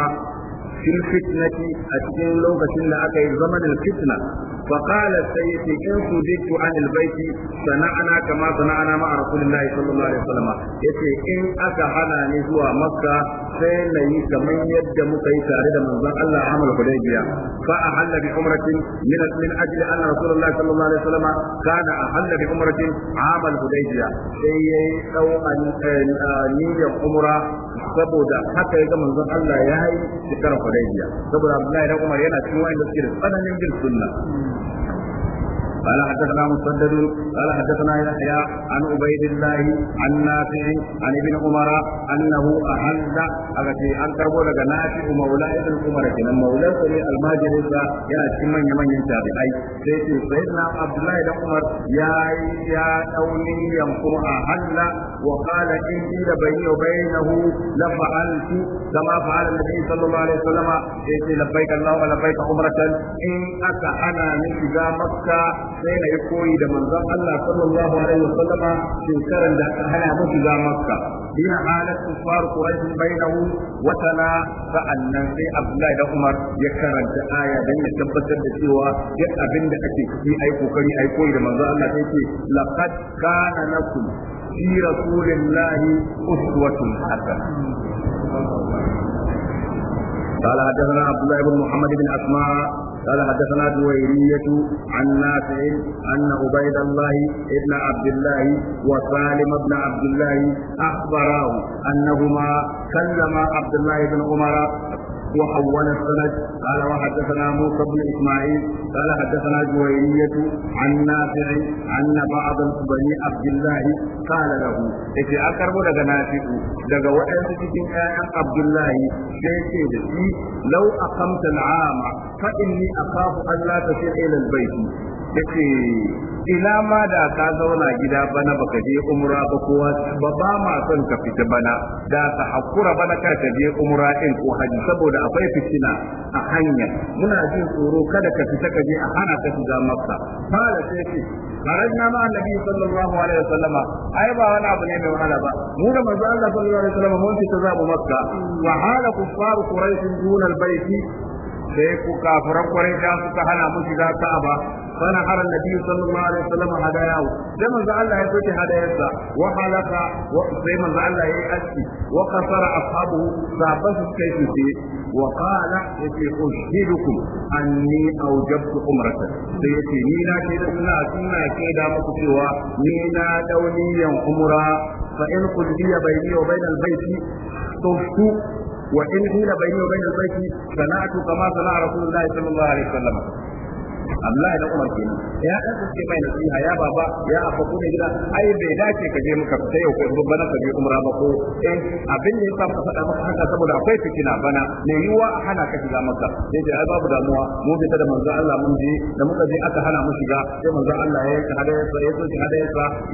في الفتنة أتين لوكة لأكي زمن الفتنة فقال السيد إن صدقت عن البيت صنعنا كما صنعنا مع رسول الله صلى الله عليه وسلم يتي إن أكهنا نزوى مكة سين كمن يد مكي تارد من ذا الله عمل حديبية فأحل بعمرة من من أجل أن رسول الله صلى الله عليه وسلم كان أحل بعمرة عام الحديبية شيء أو أن نية عمرة saboda haka ya ga manzon Allah ya yi shekarar Hudaybiya saboda Abdullahi dan Umar yana cikin wanda suke da tsananin bin sunna قال حدثنا مسدد قال حدثنا يحيى عن عبيد الله عن نافع عن ابن عمر انه احل اغتي ان كربو daga نافع مولى ابن عمر كان مولى سري الماجر ذا يا cikin manyan manyan tabi'ai sai ce sayyidina Abdullahi da Umar ya ya dauni yan kuma ahalla wa qala in da bayni wa bainahu la fa'altu kama fa'ala nabi sallallahu alaihi wasallam sai ce labbaik allahumma labbaik umratan in aka hana ni shiga maka. sai na yi koyi da manzon Allah sallallahu alaihi Sallama shekaran da aka hana mu shiga makka dina halat kufar quraish bainahu wa tala sa'annan sai abdullahi da umar ya karanta aya dan ya tabbatar da cewa duk abin da ake yi ai kokari ai koyi da manzon Allah sai ce laqad kana lakum fi rasulillahi uswatun hasana قال حدثنا عبد الله بن محمد بن قال حدثنا جويرية عن نافع أن عبيد الله ابن عبد الله وسالم بن عبد الله أخبراه أنهما كلما عبد الله بن عمر وحول السند قال وحدثنا موسى بن اسماعيل قال حدثنا جويرية عن نافع أن بعض بني عبد الله قال له إذا أكرم لك نافع لك وأنت عبد الله شيء لو أقمت العام فإني أخاف أن لا تسير إلى البيت yace ina ma da ka zauna gida bana baka je umra ba kowa ba ba ma son ka fita bana da ka hakura bana ka ta je umra din ko haji saboda akwai fitina a hanya muna jin tsoro kada ka fita ka je a hana ka shiga makka fara sai ce kharajna ma annabi sallallahu alaihi wasallama ai ba wani abu ne mai wahala ba mu da manzo Allah sallallahu alaihi wasallama mun fita za mu makka wa hala kuffar quraish dun albayti da ya kafiran kwarai da suka hana musu mu shiga ka'aba fana haran nabi sallallahu alaihi wasallam hadayahu sai manzo Allah ya soke hadayarsa wa halaka wa sai manzo Allah ya yi aski wa qasara ashabu sahabban su kai su ce wa qala yace ushidukum anni awjabtu umratan sai yace ni na ke da suna ina ke da muku cewa ni na dauniyan umra fa in kulliya bayni wa bainal baiti tuftu وإن قيل بيني وبين البيت صنعت كما صنع رسول الله صلى الله عليه وسلم Abdullahi dan Umar kenan ya dan suke mai nasiha ya baba ya afa kuma gida ai bai dace ka je muka fita yau ko babban ka je umra ba ko eh abin da yasa ka faɗa maka haka saboda akwai fitina bana ne yiwa hana ka shiga maka sai da babu damuwa mu fita da manzo Allah mun je da muka je aka hana mu shiga sai manzo Allah ya hada hadaya sa ya so shi hadaya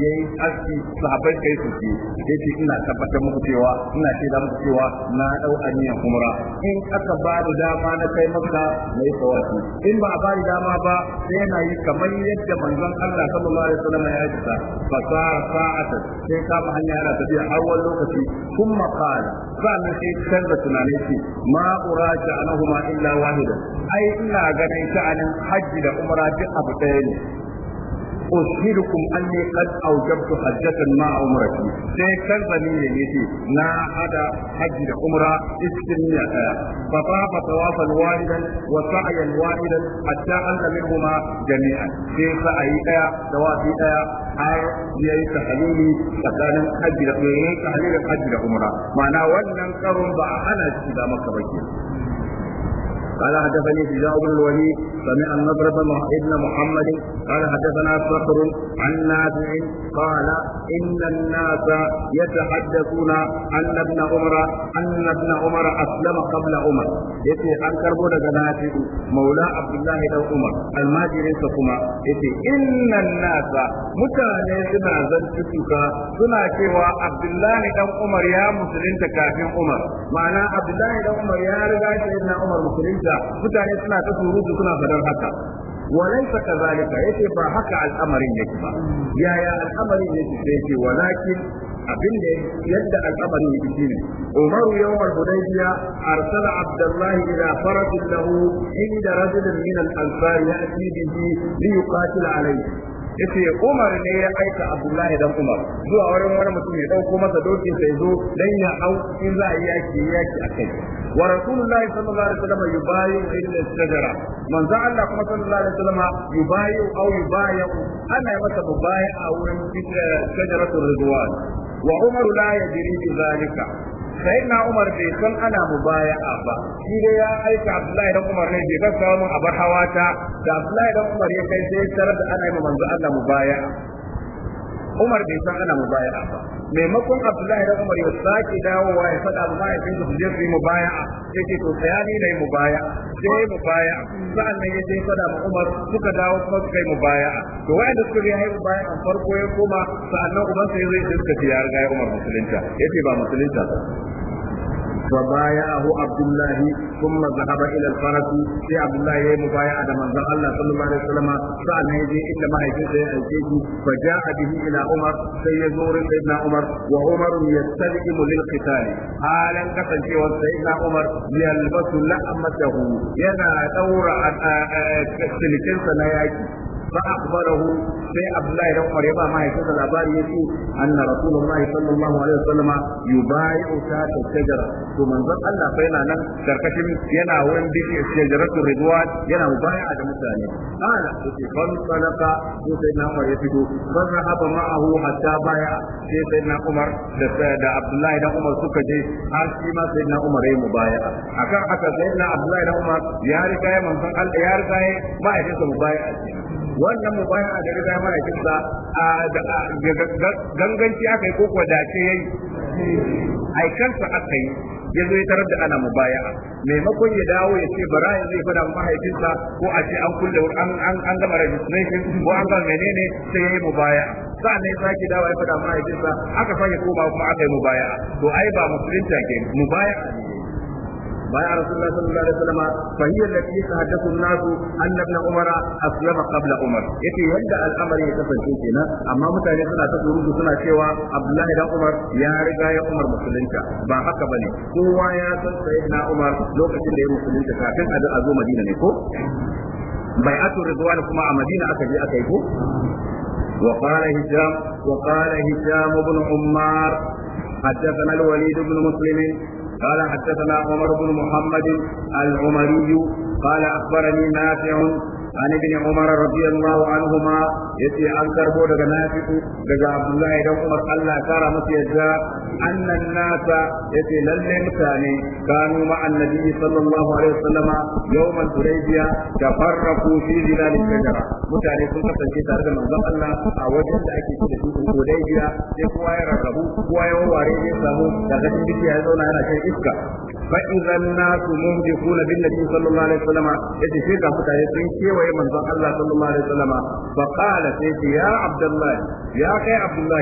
ya yi aski sahabbai kai su ji sai ina tabbatar muku cewa ina ce da muku cewa na dau aniyan umra in aka ba da dama na kai maka mai tawafi in ba a ba da dama ba sai yana yi kamar yadda manzon Allah sallallahu alaihi wasallam ya yi ta fasa sa'ata sai ka ba hanya yana tafiya har wani lokaci kuma qala sannan sai canza tunani ce ma uraja anahuma illa wahida ai ina ganin sha'anin hajji da umra duk abu ɗaya ne أشهدكم أني قد أوجبت حجة مع عمرتي سيكون ضمير يتي نا هذا حج عمرة إسكنية فطاف طوافا واحدا وسعيا واحدا حتى أنت منهما جميعا في سعي أيا دوافي أيا har ya yi tahalili tsakanin hajji da tsoron tahalilin hajji da umra ma'ana wannan karon ba a hana shi da maka ba قال حدثني شجاع بن الوليد سمع النضر بن محمد قال حدثنا صخر عن نافع قال ان الناس يتحدثون ان ابن عمر ان ابن عمر اسلم قبل عمر yace an karbo daga nafi'u maula abdullahi dan umar almajirin sa kuma yace innan mutane suna zantuka suna cewa abdullahi dan umar ya musulunta kafin umar ma'ana abdullahi dan umar ya riga shi na umar musulunta da mutane suna ta surutu suna fadar haka وليس كذلك yace ba haka al'amarin yake ba yaya al'amarin yake sai yake walakin abin da yadda al'amarin yake shine Umar yawm al-Hudaybiya arsala Abdullah ila farat lahu inda rajul min al-ansar ya'ti bihi li yuqatil alayhi yace Umar ne ya aika Abdullahi dan Umar zuwa wurin wani mutum ya dauko masa dokin sai zo dan ya hau in za a yi yaki yaki akai ورسول الله صلى الله عليه وسلم يبايع عند الشجرة من ذا الله كما صلى الله عليه وسلم يبايع أو يبايع أنا يمسى مبايع أو شجرة الرضوان وعمر لا يدري بذلك سيدنا عمر bai san ana mubaya'a ba shi dai ya aika Abdullahi dan Umar ne bai ga samu abar hawata da Abdullahi dan Umar ya kai sai tarar da ana yi manzo Allah mubaya'a Umar bai san ana mubaya'a ba maimakon Abdullahi da Umar ya sake dawowa ya faɗa ba ya kinka su je su yi mubaya'a ce to sayani ne mubaya'a sai mubaya'a sa'annan ya je faɗa ma Umar suka dawo kuma suka yi mubaya'a to da suka yi baya mubaya'a farko ya koma sa'annan Umar sai zai suka tiyar ya Umar musulunta yace ba musulunta ba فبايعه عبد الله ثم ذهب الى الفرس في عبد الله مبايعة من الله صلى الله عليه وسلم سأل يجي إلا ما يجي فجاء به الى عمر سيزور سيدنا عمر وعمر يستلئم للقتال حالا كفن في سيدنا عمر يلبس لحمته ينا دور سلكنسا نياكي fa akhbarahu sai abdullahi dan umar ya ba mahaifinsa labari yace anna rasulullahi sallallahu alaihi wasallama yubai'u ta shajara to manzon Allah fa yana nan karkashin yana wurin bishi shajaratul ridwan yana mubai'a da mutane ala yace fan salaka ko sai na umar ya fito fa zahaba ma'ahu hatta baya sai sai na umar da abdullahi dan umar suka je har shi ma sai na umar ya mubai'a akan haka sai na abdullahi dan umar ya ya wannan mubaya da riga mana kisa ganganci aka yi ko kuwa dace yayi aikansa aka yi ya zo ya tarar da ana mubaya'a maimakon ya dawo ya ce bara ya zai fada mahaifinsa ko a ce an kulle an an gama registration ko an gama menene sai ya yi mubaya'a sa'an ne sake dawo ya fada mahaifinsa aka sake koma kuma aka yi mubaya'a to ai ba musulunta ke mubaya'a ne بايع رسول الله صلى الله عليه وسلم فهي التي يتحدث الناس أن ابن عمر أسلم قبل عمر يتي يندى الأمر يتفن كنا أما متعني سنة تقول سنة شوى عبد الله بن عمر يا رجاء عمر مسلمك با haka bane kowa ya san sayyidina Umar lokacin da ya musulunta kafin a zo Madina ne ko bai atu ridwan kuma a Madina aka je aka yi ko وقال هشام وقال هشام بن عمار حدثنا الوليد بن مسلم قال حدثنا عمر بن محمد العمري قال أخبرني نافع عن ابن عمر رضي الله عنهما يتي أنكر بودك نافق دجا عبد الله بن عمر الله كار مسيجا أن الناس يتي للمتاني كانوا مع النبي صلى الله عليه وسلم يوم الحديبية تفرقوا في ظلال الشجرة متاني سنة تشي تارد من الله أوجد أكي في الحديبية يقوى يرغبوا قوى يواري يسامو لغد بكي يزون على شيء إسكا فإذا الناس مهدفون بالنبي صلى الله عليه وسلم يتي شيكا متاني سنة kewaye manzon Allah sallallahu alaihi wasallam fa qala sai ce ya abdullah ya kai abdullah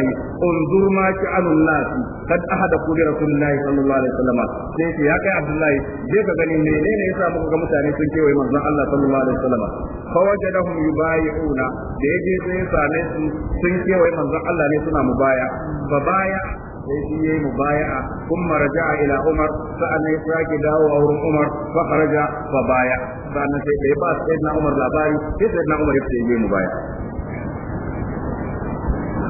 unzur ma ki anun nas kad ahada kulli rasulullah sallallahu alaihi wasallam sai ce ya kai abdullah je ka gani menene yasa muka ga mutane sun kewaye manzon Allah sallallahu alaihi wasallam fa wajadahum yubayi'una da yaje sai sane su sun kewaye manzon Allah ne suna mubaya fa baya sai shi yayi mubaya'a kuma raja'a ila Umar sa'annan ya sake dawo a wurin Umar fa kharaja fa baya sa'annan sai bai ba sai na Umar labari sai na Umar ya ce yayi mubaya'a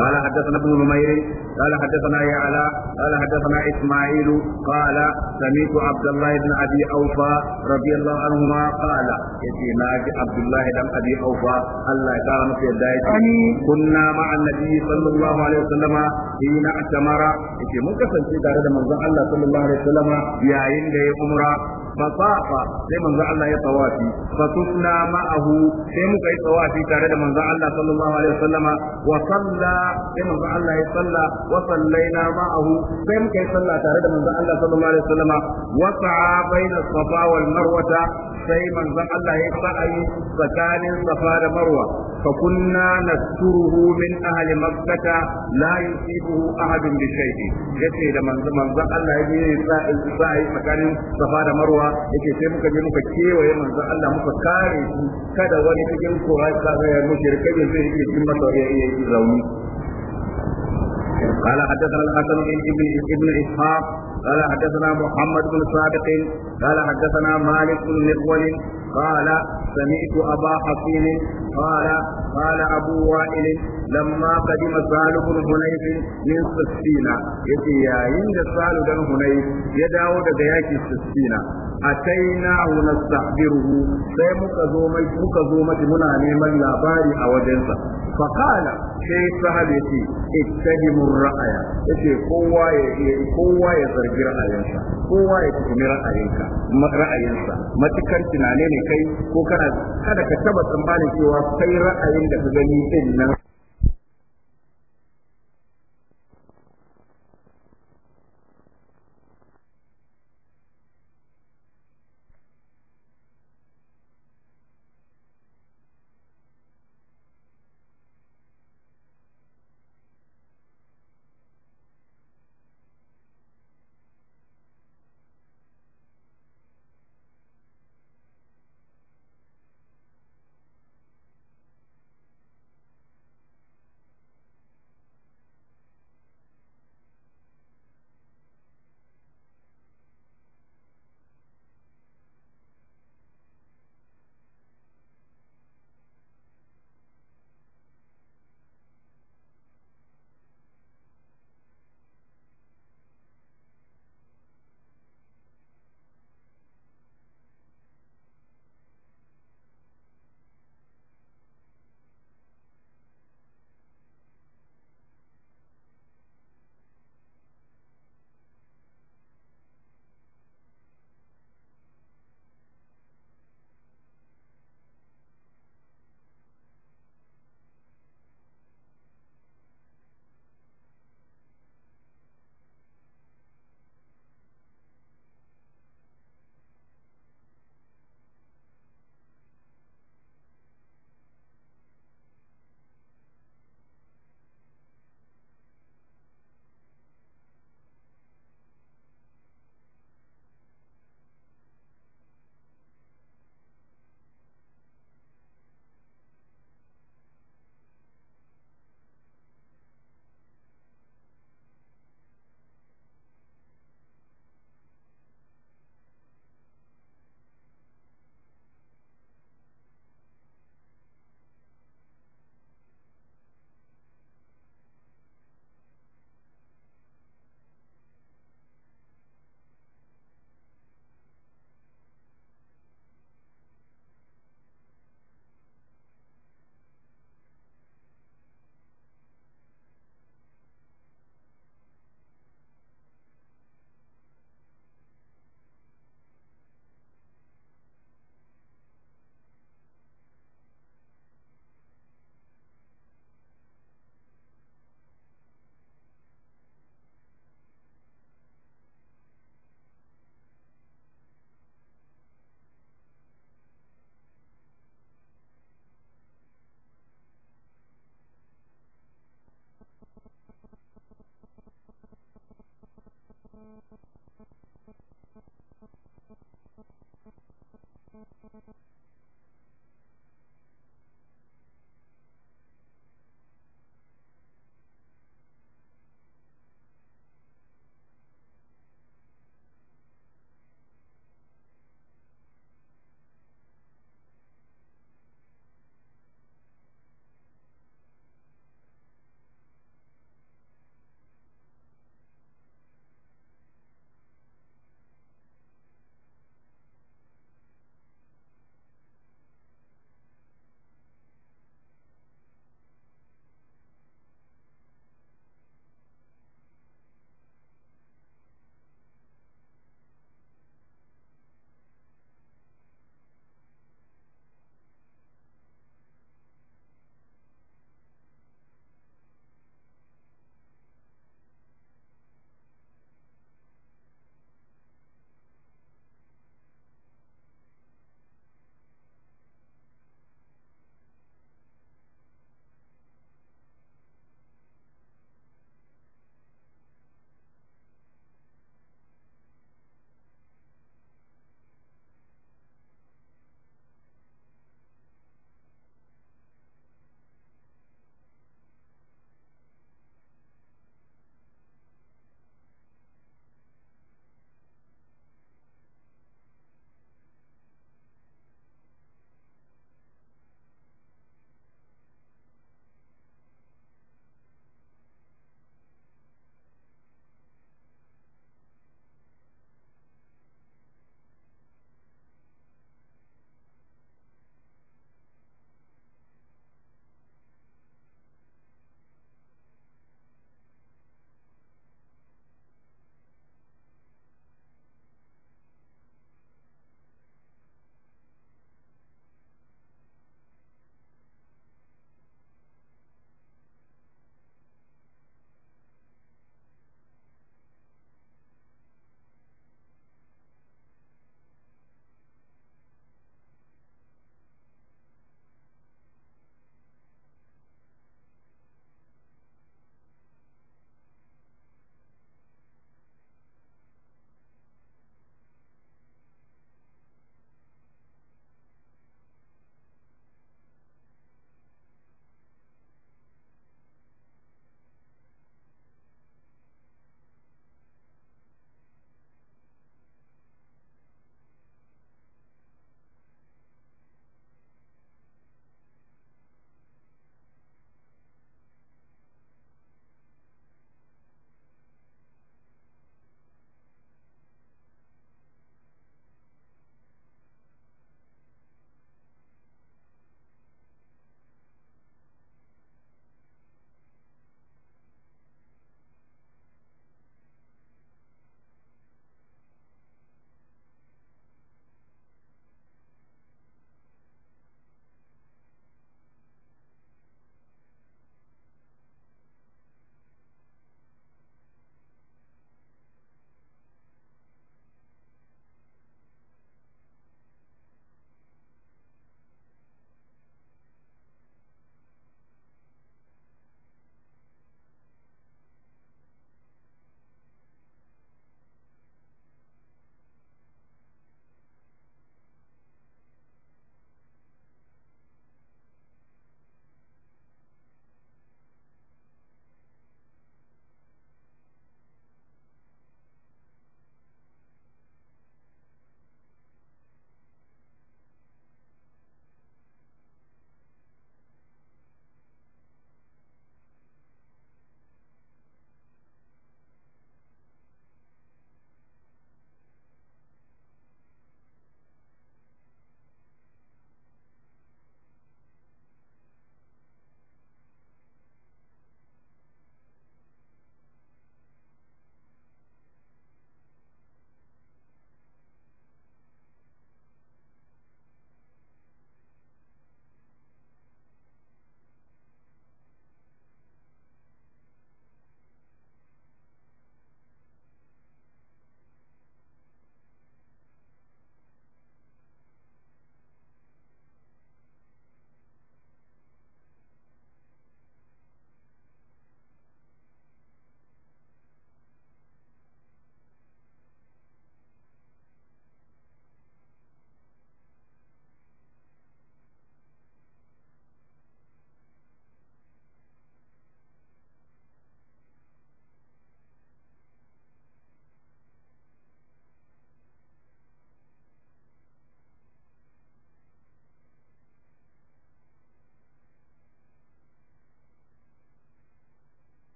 قال حدثنا ابن نمير قال حدثنا يعلى قال حدثنا اسماعيل قال سمعت عبد الله بن ابي اوفى رضي الله عنهما قال يتي ناجي عبد الله بن ابي اوفى الله يكرم في دايتي كنا مع النبي صلى الله عليه وسلم حين اعتمر يتي من كسنتي tare da manzon Allah sallallahu alaihi وسلم yayin da ya umra فطاف sai manzo Allah ya tawafi fa muka yi tawafi tare da manzo Allah sallallahu alaihi wasallama wa sai manzo Allah muka yi salla tare da manzo Allah sallallahu sai manzon Allah ya sa'ayi tsakanin safa da marwa fa kunna nasturuhu min ahli makkata la yusibuhu ahadun bi shay'in yace da manzon manzon Allah ya yi sa'ayi tsakanin safa da marwa yake sai muka je muka kewaye manzon Allah muka kare shi kada wani cikin quraish ka ga mushrikai zai yi cikin masa ya yi rauni قال حدثنا الحسن بن ابن ابن اسحاق قال حدثنا محمد بن صادق قال حدثنا مالك بن مقول قال سمعت أبا حكيم قال قال أبو وائل لما قدم سهل بن هنيف من سفينة يتي يا عند سهل بن هنيف يداو دقياك السفينة أتيناه نستحضره سيمك زومي مك زومة منا نيما لاباري أو جنسة فقال شيء سهل يتي اتهم الرأي يتي قوة قوة يزرق رأيك قوة يتهم رأيك رأيك ما تكرتنا تنانين kai ko kana kada ka taba tsammanin cewa kai ra'ayin da ka gani din nan